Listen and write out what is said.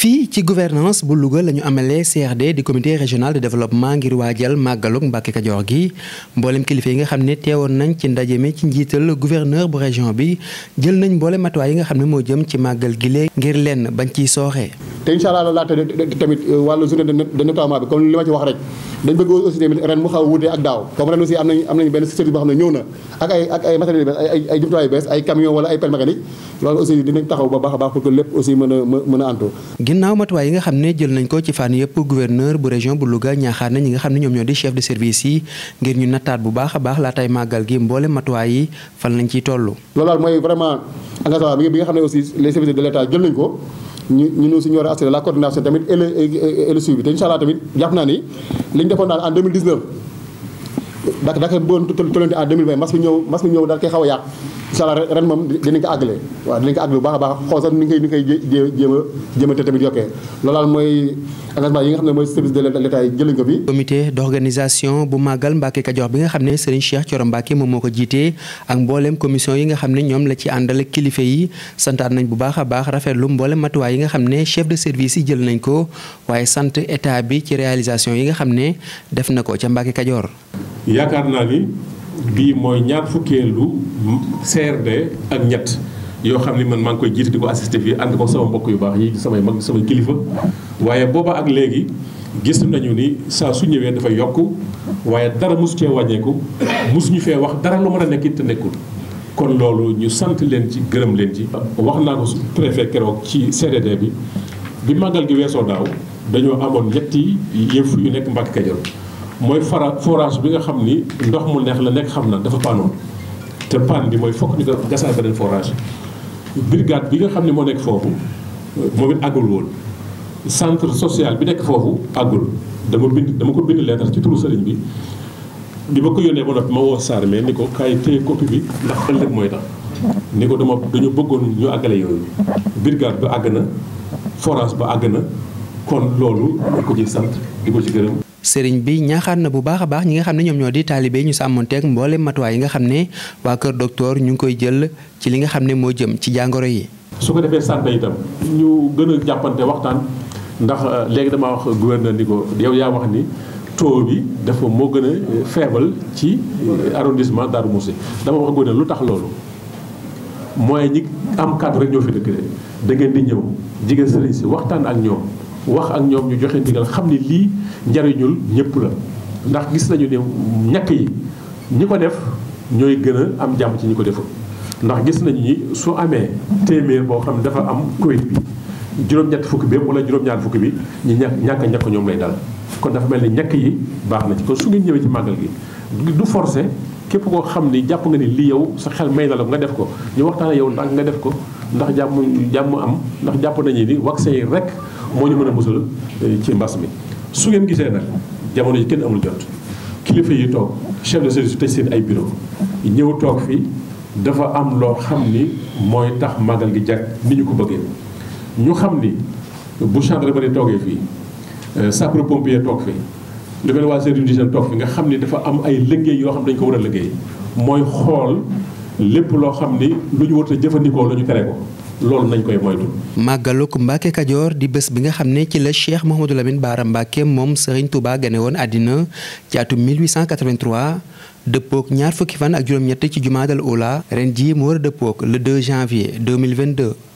fii ci gouvernance bu Louga la ñu amalee CRD di comité régional de développement ngir waajal màggalug Mbàkke Kajoor gi mboolem kilifa yi nga xam ne teewoon nañ ci ndaje mi ci njiital gouverneur bu région bi jël nañ mboolem matuwaay yi nga xam ne moo jëm ci màggal gi léegi ngir lenn bañ ciy sooxee. te incha allah laata tamit euh, wàllu journée de nettoiement bi comme li ma ci wax rek dañ bëgg aussi tamit ren mu xaw a wuute ak daaw comme ren aussi am nañ nañ benn service boo xam ne ñëw na ay ak ay matériel taxaw ba baax baax pour lépp aussi mën a mën a antu matuwaay yi nga xam ne jël nañ ko ci fànn yëpp gouverneur bu région bu Louga ñaaxaar na ñi nga xam ne ñoom ñoo di chef de service yi ngir ñu nattaat bu baax a baax laataay màggal gi mboole matuwaay yi fan lañ ciy toll. loolu daal mooy vraiment engagement bi nga xam ne aussi les services de l'état jël nañ ko ñu a assurer la coordination tamit et le et le te incha allah tamit jàpp naa ni li ñu defoon daal en 2019 dak dak boo tolante en 2020 mas bi mas bi ñëw daal koy xaw a yàq incha allah ren moom dinañ ko àggale waaw dinañ ko àggale bu baax a baax xool sax ni mooy engagement yi nga xam ne mooy service de l'État yi jëlañ ko fi. comité d'organisation bu màggal Mbacke Kajoor bi nga xam ne Serigne Cheikh Thioro Mbacke moom moo ko jiitee ak mboolem commission yi nga xam ne ñoom la ci àndal kilifa yi santaat nañ bu baax a baax rafetlu mbooleem matuwaay yi nga xam ne chef de service yi jël nañ ko waaye sant état bi ci réalisation yi nga xam ne def na ko ca Mbacke Kajoor. bii mooy ñaar fukkeelu CRD ak ñett yoo xam ni man maa ngi koy jiite di ko assisté fii ànd ko sama mbokk yu baax yi samay mag samay kilifa waaye booba ak léegi gis nañu ni saa su ñëwee dafa yokk waaye dara mosu cee wàññeeku mosu ñu fee wax dara lu mën a nekk it nekkul kon loolu ñu sant leen ci gërëm leen ci wax naa ko préfet keroog ci CDD bi bi màggal gi weesoo daaw dañoo amoon ñetti yëf yu nekk Mbàkke Kajoor mooy fara forage bi nga xam ni ndox mu neex la nekk xam na dafa panoon te panne bi mooy fokk ñu ko gasaat forage brigade bi nga xam ne moo nekk foofu moom it àggul woon centre social bi nekk foofu àggul dama bind dama ko bind lettre ci turu sëriñ bi bi ma ko yónnee ba noppi ma woo Sarmé ni ko kaay téye copie bi ndax ëllëg mooy tax ni ko dama dañu bëggoon ñu àggale yooyu brigade ba àgg na forage ba àgg na kon loolu ñu ko ci sant di ko ci gërëm sëriñ bi ñaaxaat na bu baax a baax ñi nga xam ne ñoom ñoo di taalibe ñu sàmmonteeg mboolem matuwaay yi nga xam ne waa kër docteur ñu ngi koy jël ci li nga xam ne moo jëm ci jàngoro yi. su ko defee santé itam ñu gën a jàppante waxtaan ndax euh, léegi damaa wax gouverneur ni ko yow yaa wax ni taux dafa moo gën a euh, faible ci euh, arrondissement Darou Mousse dama wax gouverneur lu tax loolu mooy ñi am cadre rek ñoo fi dëkk de da ngeen di ñëw jigéen sëriñ si waxtaan ak ñoom. wax ak ñoom ñu joxe ndigal xam ne lii njariñul ñëpp la ndax gis nañu ne ñàkk yi ñi ko def ñooy gën a am jàmm ci ñi ko deful ndax gis nañu ni su amee téeméer boo xam ne dafa am Covid bi juróom-ñett fukki bépp wala juróom-ñaar fukki bi ñu ñàkk ñàkk ñàkk ñoom lay dal kon dafa mel ni ñàkk yi baax na ci kon su ngeen ñëwee ci màggal gi du forcé képp koo xam ni jàpp nga ni li yow sa xel may na la nga def ko ñu waxtaan yow ndax nga def ko ndax jàmm jàmm am ndax jàpp nañu ni vaccin rek moo ñu mën a musal eh, ci mbas mi su ngeen gisee nag jamono ji kenn amul jot kilifa yi toog chef de service tëj seen ay bureau ñëw toog fii dafa am loo xam ni mooy tax màggal gi jag ni ñu ko bëggee ñu xam ni bu gendarmerie toogee fii eh, sapeur pompier toog fi lu mel waa service d'hygiène toog fi nga xam ni dafa am ay liggéey yoo xam dañu ko war a liggéey mooy xool lépp loo xam ni lu ñu warut jëfandikoo la ñu tere ko loolu nañ koy moytu. màggaluk Mbacke Kajoor di bés bi nga xam ne ci la Cheikh Mouhamadou Lamine Bara Mbacke moom Serigne Touba gane woon àddina ci atum 1883 dëppook ñaar fukki fan ak juróom-ñett ci jumaadal ola ren jii mu war a dëppook le 2 janvier 2022.